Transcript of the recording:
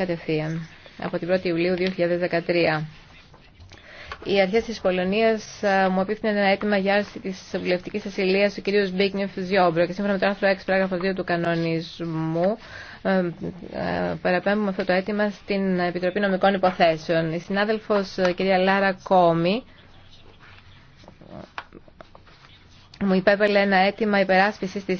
κατευθείαν από την 1η Ιουλίου 2013. Οι αρχές της Πολωνίας μου απίθυναν ένα αίτημα για άρση της βουλευτικής ασυλίας του κ. Μπίκνιεφ Ζιόμπρο και σύμφωνα με το άρθρο 6 πράγραφο 2 του κανονισμού παραπέμπουμε αυτό το αίτημα στην Επιτροπή Νομικών Υποθέσεων. Η συνάδελφος κ. Λάρα Κόμη μου υπέβαλε ένα αίτημα υπεράσπισης της